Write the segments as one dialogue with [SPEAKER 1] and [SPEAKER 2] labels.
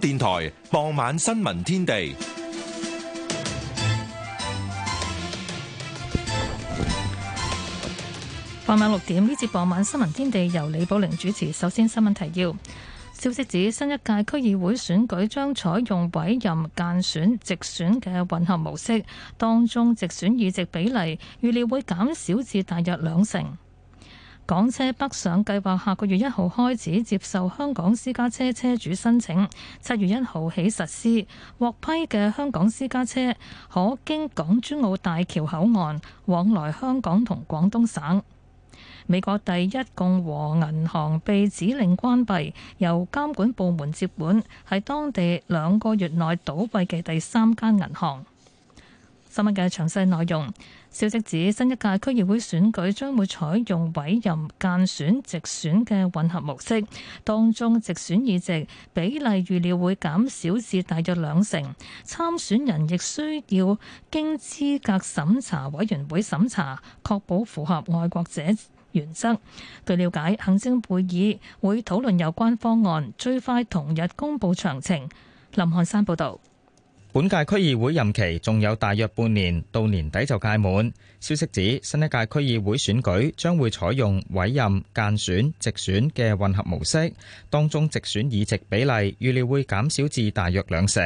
[SPEAKER 1] 電台傍晚新聞天地，
[SPEAKER 2] 傍晚六點呢節傍晚新聞天地由李寶玲主持。首先，新聞提要：消息指新一屆區議會選舉將採用委任、間選、直選嘅混合模式，當中直選議席比例預料會減少至大約兩成。港車北上計劃下個月一號開始接受香港私家車車主申請，七月一號起實施。獲批嘅香港私家車可經港珠澳大橋口岸往來香港同廣東省。美國第一共和銀行被指令關閉，由監管部門接管，係當地兩個月內倒閉嘅第三間銀行。新聞嘅詳細內容。消息指，新一屆區議會選舉將會採用委任間選、直選嘅混合模式，當中直選議席比例預料會減少至大約兩成，參選人亦需要經資格審查委員會審查，確保符合愛國者原則。據了解，行政會議會討論有關方案，最快同日公布詳情。林漢山報導。
[SPEAKER 3] 本屆區議會任期仲有大約半年，到年底就屆滿。消息指，新一屆區議會選舉將會採用委任、間選、直選嘅混合模式，當中直選議席比例預料會減少至大約兩成，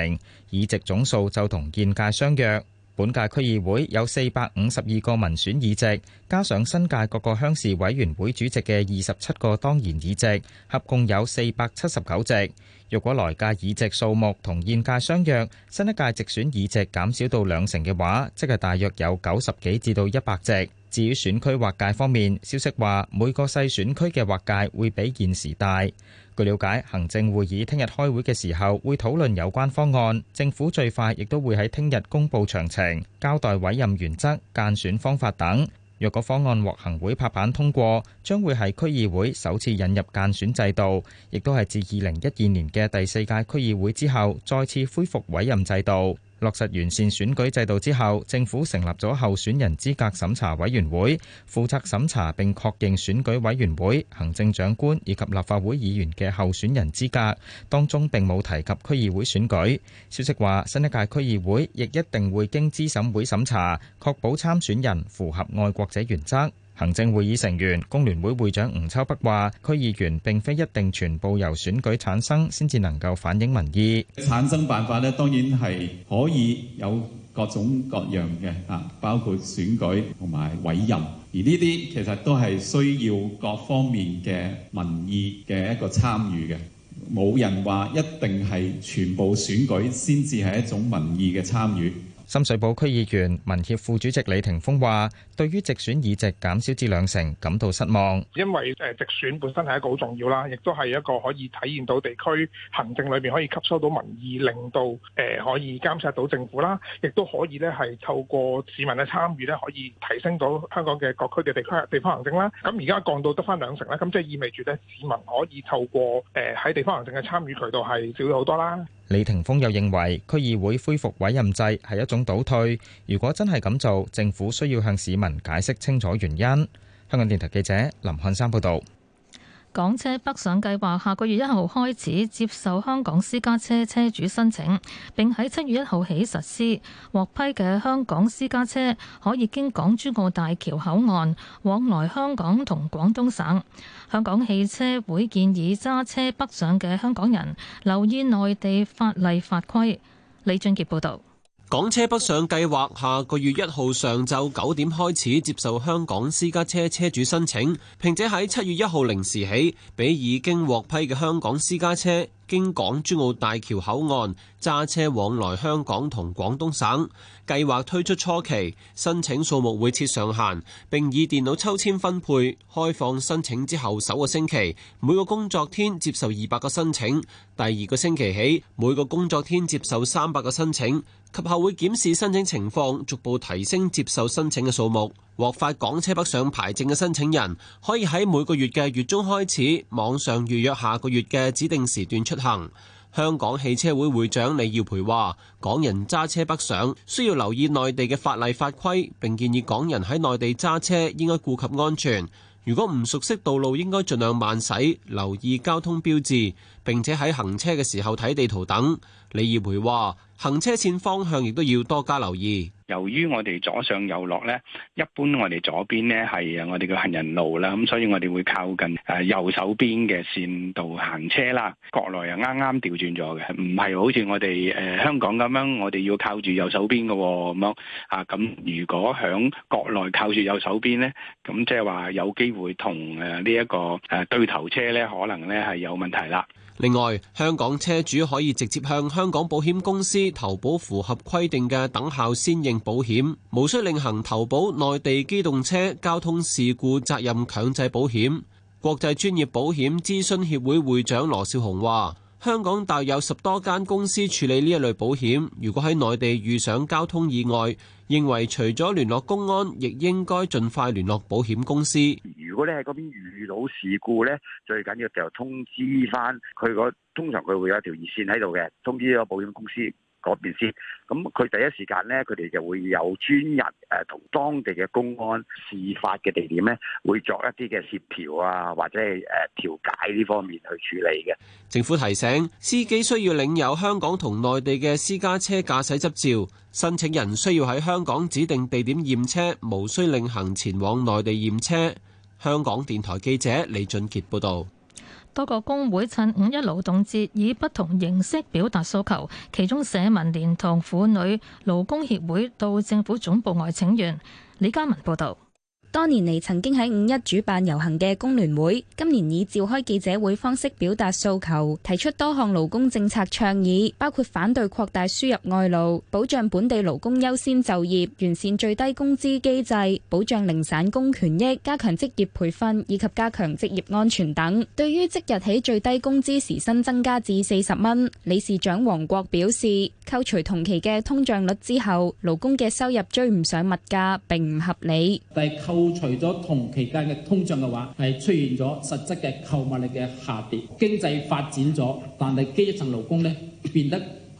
[SPEAKER 3] 議席總數就同現屆相若。本屆區議會有四百五十二個民選議席，加上新界各個鄉事委員會主席嘅二十七個當然議席，合共有四百七十九席。若果來屆議席數目同現屆相若，新一屆直選議席減少到兩成嘅話，即係大約有九十幾至到一百席。至於選區劃界方面，消息話每個細選區嘅劃界會比現時大。據了解，行政會議聽日開會嘅時候會討論有關方案，政府最快亦都會喺聽日公布詳情，交代委任原則、間選方法等。若個方案獲行會拍板通過，將會係區議會首次引入間選制度，亦都係自二零一二年嘅第四屆區議會之後再次恢復委任制度。落實完善選舉制度之後，政府成立咗候選人資格審查委員會，負責審查並確認選舉委員會、行政長官以及立法會議員嘅候選人資格，當中並冇提及區議會選舉。消息話，新一屆區議會亦一定會經資審會審查，確保參選人符合愛國者原則。行政會議成員工聯會會長吳秋北話：區議員並非一定全部由選舉產生，先至能夠反映民意。產生辦法咧，當然係可以有各種各樣嘅啊，包括選舉
[SPEAKER 4] 同埋委任，而呢啲其實都係需要各方面嘅民意嘅一個參與嘅。冇人話一定係全部選舉
[SPEAKER 3] 先至係一種民意嘅參與。深水埗區議員民協副主席李霆鋒話，對於直選議席減少至兩成感到失望，
[SPEAKER 5] 因為誒直選本身係一個好重要啦，亦都係一個可以體驗到地區行政裏邊可以吸收到民意，令到誒可以監察到政府啦，亦都可以咧係透過市民嘅參與咧，可以提升到香港嘅各區嘅地區地方行政啦。咁而家降到得翻兩成啦，咁即係意味住咧市民可以透過誒喺地方行政嘅參與渠道係少咗好多啦。
[SPEAKER 3] 李霆鋒又認為區議會恢復委任制係一種倒退，如果真係咁做，政府需要向市民解釋清楚原因。香港電台記者林漢山報道。
[SPEAKER 2] 港車北上計劃下個月一號開始接受香港私家車車主申請，並喺七月一號起實施。獲批嘅香港私家車可以經港珠澳大橋口岸往來香港同廣東省。香港汽車會建議揸車北上嘅香港人留意內地法例法規。李俊傑報導。
[SPEAKER 4] 港車北上計劃下個月一號上晝九點開始接受香港私家車車主申請，並且喺七月一號零時起，俾已經獲批嘅香港私家車經港珠澳大橋口岸揸車往來香港同廣東省。計劃推出初期，申請數目會設上限，並以電腦抽籤分配。開放申請之後首個星期，每個工作天接受二百個申請；第二個星期起，每個工作天接受三百個申請。及後會檢視申請情況，逐步提升接受申請嘅數目。獲發港車北上牌證嘅申請人，可以喺每個月嘅月中開始，網上預約下個月嘅指定時段出行。香港汽車會會長李耀培話：港人揸車北上，需要留意內地嘅法例法規，並建議港人喺內地揸車應該顧及安全。如果唔熟悉道路，應該盡量慢駛，留意交通標誌，並且喺行車嘅時候睇地圖等。李耀培話：行車線方向亦都要多加留意。由於我哋左上右落呢，一般我哋左邊呢係我哋嘅行人路啦，咁所以我哋會靠近誒右手邊
[SPEAKER 1] 嘅線道行車啦。國內又啱啱調轉咗嘅，唔係好似我哋誒香港咁樣，我哋要靠住右手邊嘅咁樣啊。咁如果響國內靠住右手邊呢，咁即係話有機會同誒呢一個誒對頭車呢，
[SPEAKER 4] 可能呢係有問題啦。另外，香港車主可以直接向香港保險公司投保符合規定嘅等效先認。保險無需另行投保內地機動車交通事故責任強制保險。國際專業保險諮詢協會會長羅少雄話，香港大約有十多間公司處理呢一類保險。如果喺內地遇上交通意外，認為除咗聯絡公安，亦應該盡快聯絡保險公司。
[SPEAKER 6] 如果你喺嗰邊遇到事故咧，最緊
[SPEAKER 3] 要就通知翻佢個，通常佢會有一條熱線喺度嘅，通知個保險公司。嗰邊先，咁佢第一時間呢，佢哋就會有專人誒同當地嘅公安事發嘅地點呢，會作一啲嘅協調啊，或者係誒調解
[SPEAKER 4] 呢方面去處理嘅。政府提醒，司機需要領有香港同內地嘅私家車駕駛執照，申請人需要喺香港指定地點驗車，無需另行前往內地驗車。香港電台記者李俊傑報道。
[SPEAKER 2] 多個工會趁五一勞動節以不同形式表達訴求，其中社民連同婦女勞工協會到政府總部外請願。李嘉文
[SPEAKER 7] 報道。多年嚟曾經喺五一主辦遊行嘅工聯會，今年以召開記者會方式表達訴求，提出多項勞工政策倡議，包括反對擴大輸入外勞、保障本地勞工優先就業、完善最低工資機制、保障零散工權益、加強職業培訓以及加強職業安全等。對於即日起最低工資時薪增加至四十蚊，理事長黃國表示，扣除同期嘅通脹率之後，勞工嘅收入追唔上物價並唔合理。
[SPEAKER 4] 除咗同期間嘅通脹嘅話，係出現咗實質嘅購買力
[SPEAKER 3] 嘅下跌，經濟發展咗，但係基層勞工咧變得。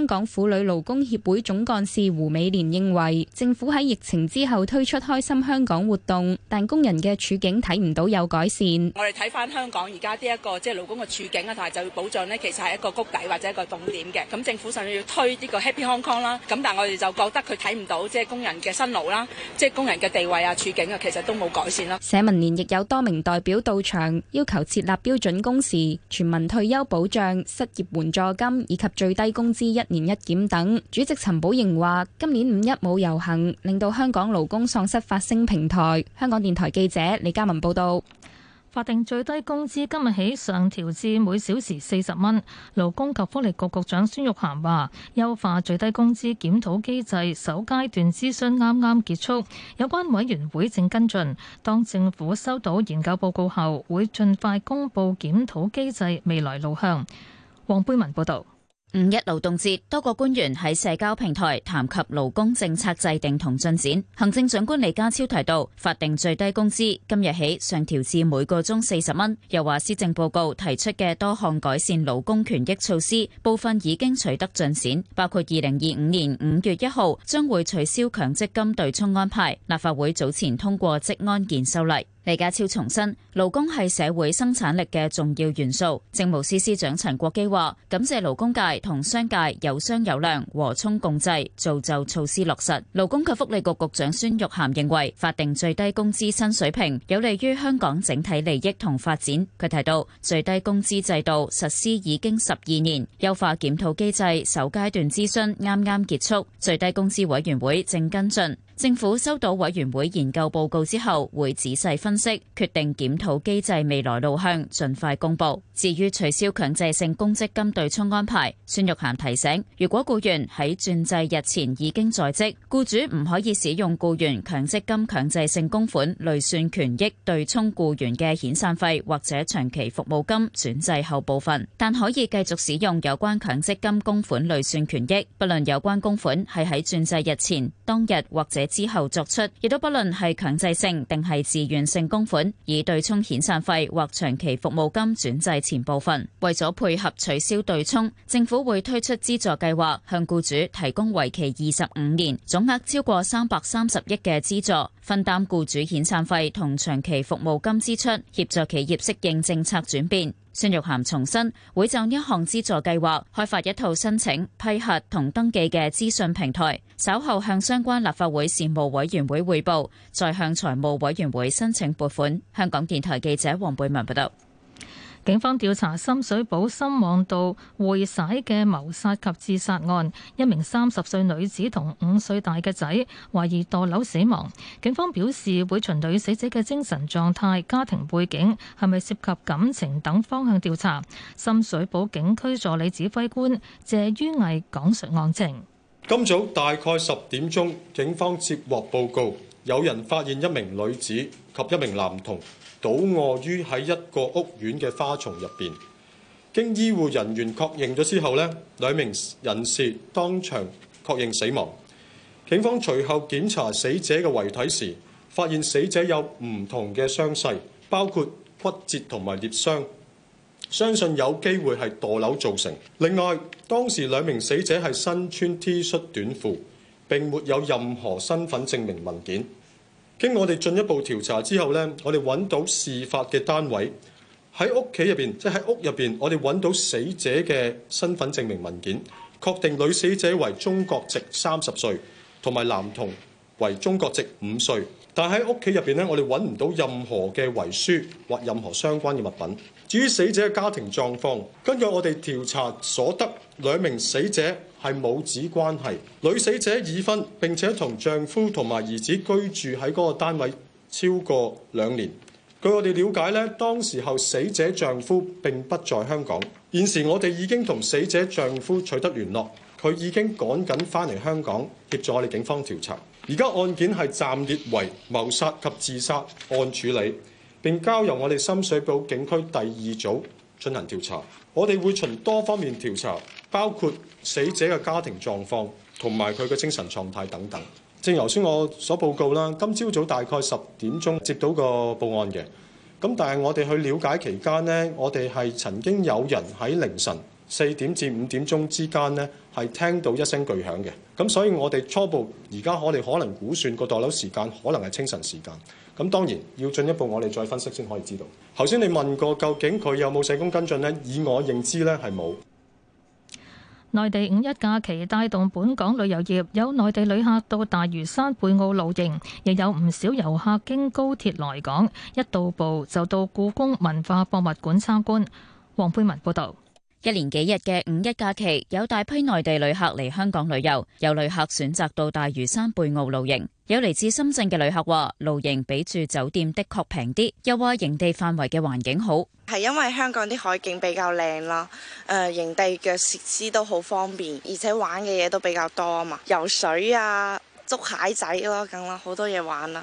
[SPEAKER 7] 香港婦女勞工協會總幹事胡美蓮認為，政府喺疫情之後推出開心香港活動，但工人嘅處境睇唔到有改善。我哋睇翻香港而家呢一個即係勞工嘅處境啊，同埋就業保障呢，其實係一個谷底或者一個痛點嘅。咁政府甚至要推呢個 Happy Hong Kong 啦，咁但係我哋就覺得佢睇唔到即係工人嘅辛勞啦，即係工人嘅地位啊、處境啊，其實都冇改善啦。社民連亦有多名代表到場，要求設立標準工時、全民退休保障、失業援助金以及最低工資一。年一檢等。主席陳寶瑩話：今年五一冇遊行，令到香港勞工喪失發聲平台。香港電台記者李嘉文報道。法定最低工資今日起上
[SPEAKER 2] 調至每小時四十蚊。勞工及福利局局長孫玉菡話：優化最低工資檢討機制首階段諮詢啱啱結束，有關委員會正跟進。當政府收到研究報告後，會盡快公佈檢討機制未來路向。黃貝文報道。五一勞動節，多個官員喺
[SPEAKER 8] 社交平台談及勞工政策制定同進展。行政長官李家超提到，法定最低工資今日起上調至每個鐘四十蚊，又話施政報告提出嘅多項改善勞工權益措施，部分已經取得進展，包括二零二五年五月一號將會取消強積金對沖安排。立法會早前通過職安健修例。李家超重申，勞工係社會生產力嘅重要元素。政務司司長陳國基話感謝勞工界同商界有商有量，和衷共濟造就措施落實。勞工及福利局局，局長孫玉菡認為法定最低工資新水平有利於香港整體利益同發展。佢提到，最低工資制度實施已經十二年，優化檢討機制首階段諮詢啱啱結束，最低工資委員會正跟進。政府收到委員會研究報告之後會仔細分析，決定檢討機制未來路向，盡快公布。至於取消強制性公積金對沖安排，孫玉菡提醒，如果僱員喺轉制日前已經在職，僱主唔可以使用僱員強積金強制性供款累算權益對沖僱員嘅遣散費或者長期服務金轉制後部分，但可以繼續使用有關強積金供款累算權益，不論有關供款係喺轉制日前、當日或者。之後作出，亦都不論係強制性定係自願性供款，以對沖遣散費或長期服務金轉制前部分。為咗配合取消對沖，政府會推出資助計劃，向僱主提供為期二十五年、總額超過三百三十億嘅資助，分擔僱主遣散費同長期服務金支出，協助企業適應政策轉變。孫玉菡重申，會就一項資助計劃開發一套申請、批核同登記嘅資訊平台，稍後向相關立法會事務委員會匯報，再向財
[SPEAKER 2] 務委員會申請撥款。香港電台記者黃貝文報道。警方調查深水埗深旺道會洗嘅謀殺及自殺案，一名三十歲女子同五歲大嘅仔，懷疑墮樓死亡。警方表示會循女死者嘅精神狀態、家庭背景係咪涉及感情等方向調查。深水埗警區助理指揮官謝於毅講述案情：
[SPEAKER 1] 今早大概十點鐘，警方接獲報告，有人發現一名女子及一名男童。倒卧於喺一個屋苑嘅花叢入邊，經醫護人員確認咗之後呢，兩名人士當場確認死亡。警方隨後檢查死者嘅遺體時，發現死者有唔同嘅傷勢，包括骨折同埋裂傷，相信有機會係墮樓造成。另外，當時兩名死者係身穿 T 恤短褲，並沒有任何身份證明文件。經我哋進一步調查之後呢，我哋揾到事發嘅單位喺屋企入面，即喺屋入面，我哋揾到死者嘅身份證明文件，確定女死者為中國籍三十歲，同埋男童為中國籍五歲。但喺屋企入面，咧，我哋揾唔到任何嘅遺書或任何相關嘅物品。至於死者嘅家庭狀況，根據我哋調查所得，兩名死者，係母子關係，女死者已婚並且同丈夫同埋兒子居住喺嗰個單位超過兩年。據我哋了解呢，當時候死者丈夫並不在香港。現時我哋已經同死者丈夫取得聯絡，佢已經趕緊翻嚟香港協助我哋警方調查。而家案件係暫列為謀殺及自殺案處理，並交由我哋深水埗警區第二組進行調查。我哋會循多方面調查。包括死者嘅家庭狀況同埋佢嘅精神狀態等等。正如頭先我所報告啦，今朝早大概十點鐘接到個報案嘅。咁但係我哋去了解期間咧，我哋係曾經有人喺凌晨四點至五點鐘之間咧係聽到一聲巨響嘅。咁所以我哋初步而家我哋可能估算個墮樓時間可能係清晨時間。咁當然要進一步我哋再分析先可以知道。頭先你問過究竟佢有冇社工跟進咧？以我認知咧係冇。
[SPEAKER 2] 內地五一假期帶動本港旅遊業，有內地旅客到大嶼山貝澳露營，亦有唔少遊客經高鐵來港，一到埗就到故宮文化博物館參觀。黃佩文報道。一
[SPEAKER 8] 連幾日嘅五一假期，有大批內地旅客嚟香港旅遊，有旅客選擇到大嶼山貝澳露營，有嚟自深圳嘅旅客話露營比住酒店的確平啲，又話營地範圍嘅環境好，
[SPEAKER 7] 係因為香港啲海景比較靚啦，誒、呃、營地嘅設施都好方便，而且玩嘅嘢都比較多啊嘛，游水啊、捉蟹仔咯咁咯，好多嘢玩啊！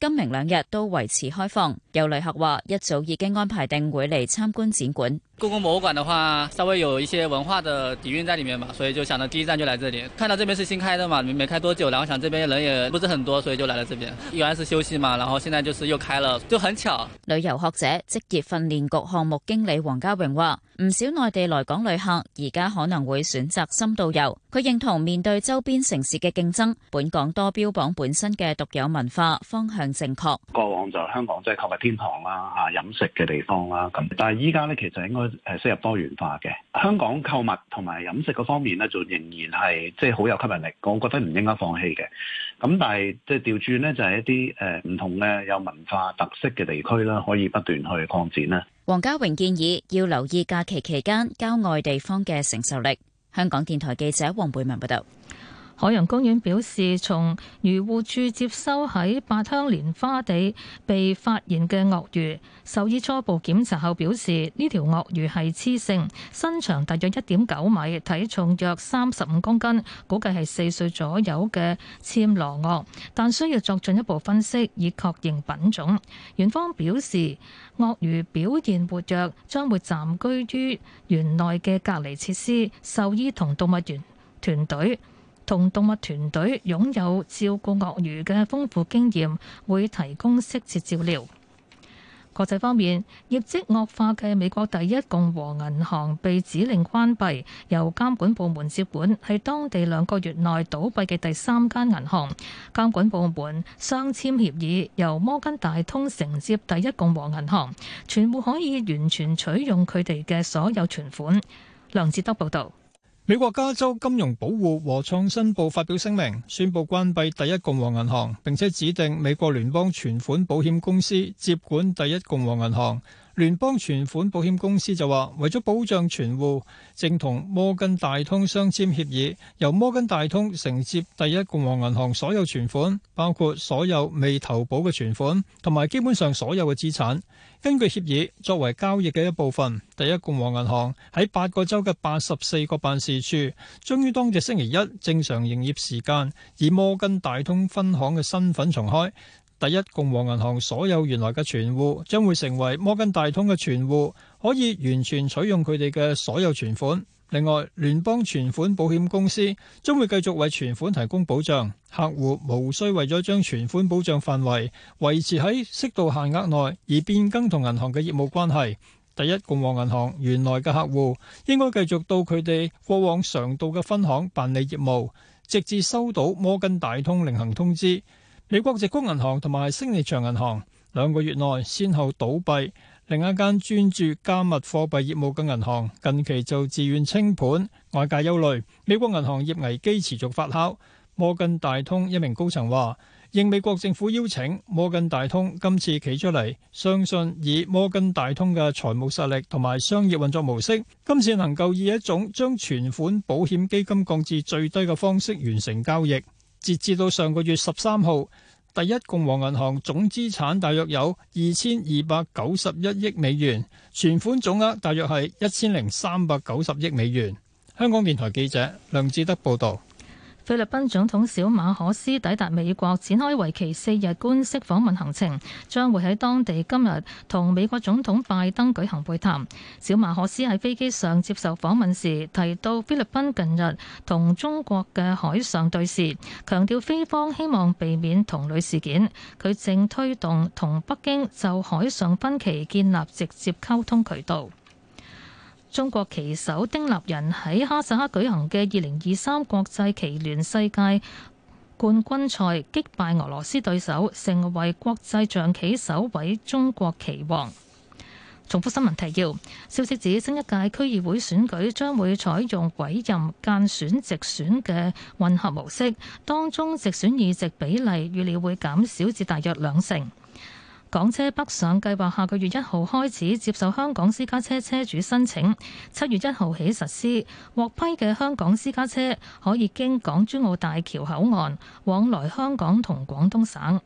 [SPEAKER 8] 今明兩日都維持開放，有旅客話一早已經安排定會嚟參觀展館。
[SPEAKER 4] 故宮博物館的話，稍微有一些文化的底蘊在裏面嘛，所以就想到第一站就來這裏。看到這邊是新開的嘛，沒開多久，然後想這邊人也不是很多，所以就來了這邊。原來是休息嘛，然後現在就是又開了，就很巧。
[SPEAKER 8] 旅遊學者、職業訓練局項目經理黃家榮話，唔少內地來港旅客而家可能會選擇深度遊。佢認同面對周邊城市嘅競爭，本港多標榜本身嘅獨有文化，方向正確。
[SPEAKER 6] 過往就香港即係購物天堂啦，吓飲食嘅地方啦咁，但係依家呢，其實應該。誒，適合多元化嘅香港購物同埋飲食嗰方面呢，就仍然係即係好有吸引力，我覺得唔應該放棄嘅。咁但係即係調轉呢，就係一啲誒唔同嘅有文化特色嘅地區啦，可以不斷去擴展啦。
[SPEAKER 8] 黃家榮建議要留意假期期間郊外地方嘅承受力。香港電台記者黃貝文報道。
[SPEAKER 2] 海洋公園表示，從漁護處接收喺八鄉蓮花地被發現嘅鱷魚，獸醫初步檢查後表示，呢條鱷魚係雌性，身長大約一點九米，體重約三十五公斤，估計係四歲左右嘅暹羅鱷，但需要作進一步分析以確認品種，園方表示，鱷魚表現活躍將會暫居於園內嘅隔離設施。獸醫同動物園團隊。同動物團隊擁有照顧鱷魚嘅豐富經驗，會提供適切照料。國際方面，業績惡化嘅美國第一共和銀行被指令關閉，由監管部門接管，係當地兩個月內倒閉嘅第三間銀行。監管部門雙簽協議，由摩根大通承接第一共和銀行，全部可以完全取用佢哋嘅所有存款。梁志德報道。
[SPEAKER 5] 美國加州金融保護和創新部發表聲明，宣布關閉第一共和銀行，並且指定美國聯邦存款保險公司接管第一共和銀行。聯邦存款保險公司就話，為咗保障存戶，正同摩根大通相簽協議，由摩根大通承接第一共和銀行所有存款，包括所有未投保嘅存款，同埋基本上所有嘅資產。根據協議，作為交易嘅一部分，第一共和銀行喺八個州嘅八十四個辦事處，將於當日星期一正常營業時間，以摩根大通分行嘅身份重開。第一共和銀行所有原來嘅存戶將會成為摩根大通嘅存戶，可以完全取用佢哋嘅所有存款。另外，聯邦存款保險公司將會繼續為存款提供保障，客戶無需為咗將存款保障範圍維持喺適度限額內而變更同銀行嘅業務關係。第一共和銀行原來嘅客戶應該繼續到佢哋過往常到嘅分行辦理業務，直至收到摩根大通另行通知。美國矽谷銀行同埋星尼長銀行兩個月內先後倒閉，另一間專注加密貨幣業務嘅銀行近期就自願清盤，外界憂慮美國銀行業危機持續發酵。摩根大通一名高層話，應美國政府邀請，摩根大通今次企出嚟，相信以摩根大通嘅財務實力同埋商業運作模式，今次能夠以一種將存款保險基金降至最低嘅方式完成交易。截至到上個月十三號，第一共和銀行總資產大約有二千二百九十一億美元，存款總額大約係一千零三百九十億美元。香港電台記者梁志德報導。
[SPEAKER 2] 菲律賓總統小馬可斯抵達美國，展開為期四日官式訪問行程，將會喺當地今日同美國總統拜登舉行會談。小馬可斯喺飛機上接受訪問時提到，菲律賓近日同中國嘅海上對峙，強調菲方希望避免同類事件。佢正推動同北京就海上分歧建立直接溝通渠道。中國棋手丁立人喺哈薩克舉行嘅二零二三國際棋聯世界冠軍賽擊敗俄羅斯對手，成為國際象棋首位中國棋王。重複新聞提要：消息指新一屆區議會選舉將會採用委任、間選、直選嘅混合模式，當中直選議席比例預料會減少至大約兩成。港車北上計劃下個月一號開始接受香港私家車車主申請，七月一號起實施。獲批嘅香港私家車可以經港珠澳大橋口岸往來香港同廣東省。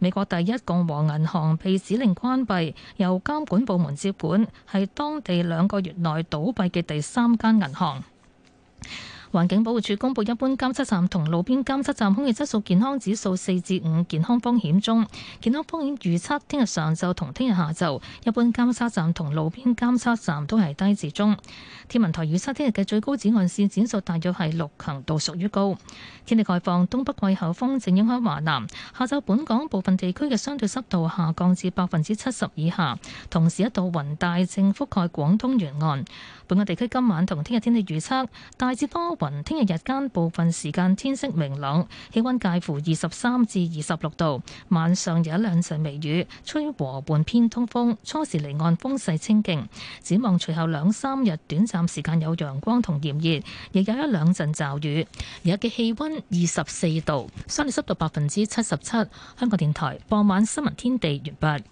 [SPEAKER 2] 美國第一共和銀行被指令關閉，由監管部門接管，係當地兩個月內倒閉嘅第三間銀行。環境保護署公布，一般監測站同路邊監測站空氣質素健康指數四至五，健康風險中。健康風險預測，聽日上晝同聽日下晝，一般監測站同路邊監測站都係低至中。天文台預測，聽日嘅最高紫外線指數大約係六，強度屬於高。天氣概況：東北季候風正影響華南，下晝本港部分地區嘅相對濕度下降至百分之七十以下，同時一度雲帶正覆蓋廣東沿岸。本港地區今晚同聽日天氣預測，大致多。雲。聽日日間部分時間天色明朗，氣溫介乎二十三至二十六度。晚上有一兩陣微雨，吹和緩偏東風，初時離岸風勢清勁。展望隨後兩三日短暫時間有陽光同炎熱，亦有一兩陣驟雨。而家嘅氣溫二十四度，相對濕度百分之七十七。香港電台傍晚新聞
[SPEAKER 9] 天地完畢。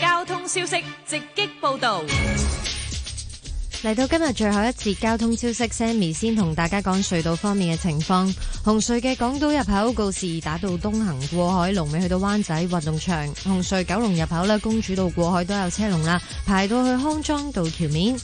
[SPEAKER 7] 交通消息直擊報道。
[SPEAKER 9] 嚟到今日最後一節交通消息，Sammy 先同大家講隧道方面嘅情況。紅隧嘅港島入口告示打到東行過海龍尾去到灣仔運動場，紅隧九龍入口咧公主道過海都有車龍啦，排到去康莊道橋面，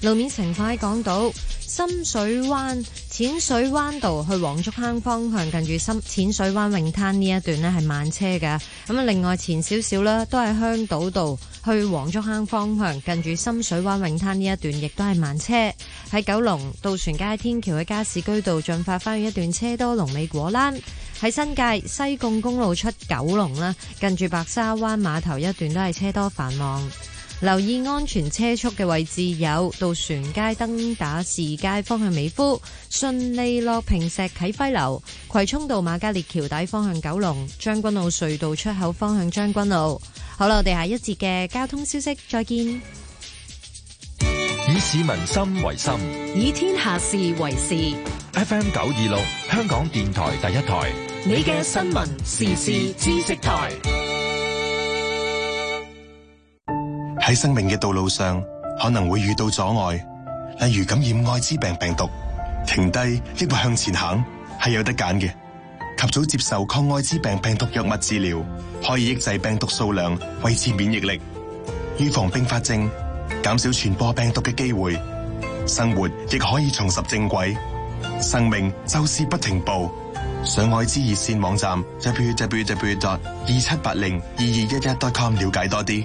[SPEAKER 9] 路面情況喺港島。深水灣、淺水灣道去黃竹坑方向，近住深淺水灣泳灘呢一段呢係慢車嘅。咁啊，另外前少少啦，都係香島道去黃竹坑方向，近住深水灣泳灘呢一段亦都係慢車。喺九龍渡船街天橋嘅加士居道進發翻一段車多龍尾果欄。喺新界西貢公路出九龍啦，近住白沙灣碼頭一段都係車多繁忙。留意安全車速嘅位置有：渡船街登打士街方向美孚、順利落平石啟輝樓、葵涌道瑪嘉烈橋底方向九龍、將軍澳隧道出口方向將軍澳。好啦，我哋下一節嘅交通消息，再見。
[SPEAKER 1] 以市民心為心，
[SPEAKER 9] 以天下事為事。
[SPEAKER 1] F M 九二六，香港電台第一台，
[SPEAKER 9] 你嘅新聞時事知識
[SPEAKER 4] 台。
[SPEAKER 1] 喺生命嘅道路上，可能會遇到阻礙，例如感染艾滋病病毒，停低抑或向前行，係有得揀嘅。及早接受抗艾滋病病毒藥物治療，可以抑制病毒數量，維持免疫力，預防併發症，減少傳播病毒嘅機會，生活亦可以重拾正軌。生命就是不停步，上艾滋熱線網站 www 二七八零二二
[SPEAKER 6] 一一 dot com 了解多啲。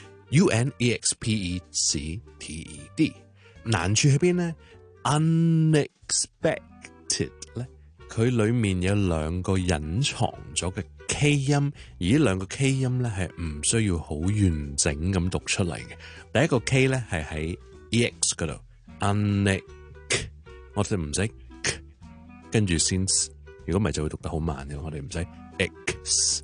[SPEAKER 6] unexpected 難處喺邊呢？unexpected 咧，佢裏面有兩個隱藏咗嘅 k 音，而呢兩個 k 音咧係唔需要好完整咁讀出嚟嘅。第一個 k 咧係喺 ex 嗰度，unexpected，我哋唔使跟住先，如果唔係就會讀得好慢嘅。我哋唔使 x。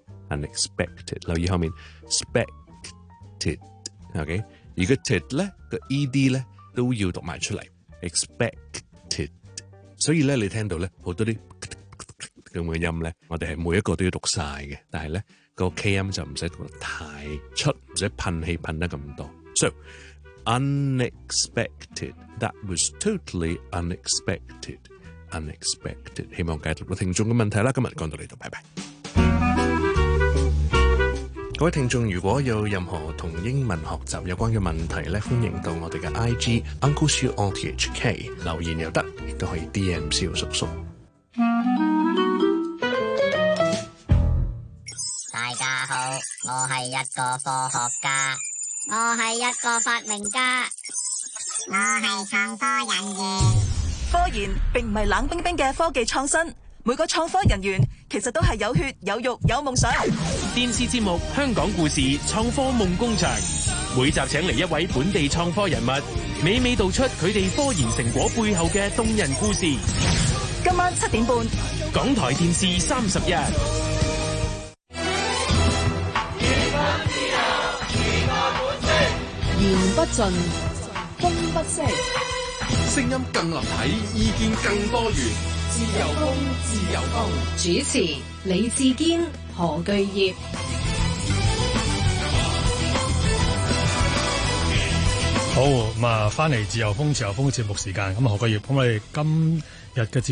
[SPEAKER 6] unexpected，留意後面 expected，OK，而個 t 咧個 ed 咧都要讀埋出嚟，expected。所以咧你聽到咧好多啲咁嘅音咧，我哋係每一個都要讀晒嘅。但係咧個 K 音就唔使讀得太出，唔使噴氣噴得咁多。So unexpected. That was totally unexpected. Unexpected。希望解答到聽眾嘅問題啦。今日講到呢度，拜拜。各位聽眾，如果有任何同英文學習有關嘅問題咧，歡迎到我哋嘅 I G Uncle Siu O T H K 留言又得，亦都可以 D M 蕭叔叔。大家好，我係一個科學家，我係一個發明家，我係創科人員。言科研並唔係冷
[SPEAKER 7] 冰冰嘅科技創新。每個創科人員其實都係有血有肉有夢想，
[SPEAKER 4] 電視節目《香港故事創科夢工場》，每集請嚟一位本地創科人物，娓娓道出佢哋科研成果背後嘅動人故事。今晚七點半，港台電視三十日。
[SPEAKER 9] 言不盡，風不，不息，
[SPEAKER 1] 聲音更立體，意見更多元。
[SPEAKER 5] 自由風，自由風。主持
[SPEAKER 9] 李志堅、何巨業。
[SPEAKER 2] 好，咁啊，翻嚟自由風、自由風嘅節目時間。咁啊，何巨業，咁我哋今日嘅。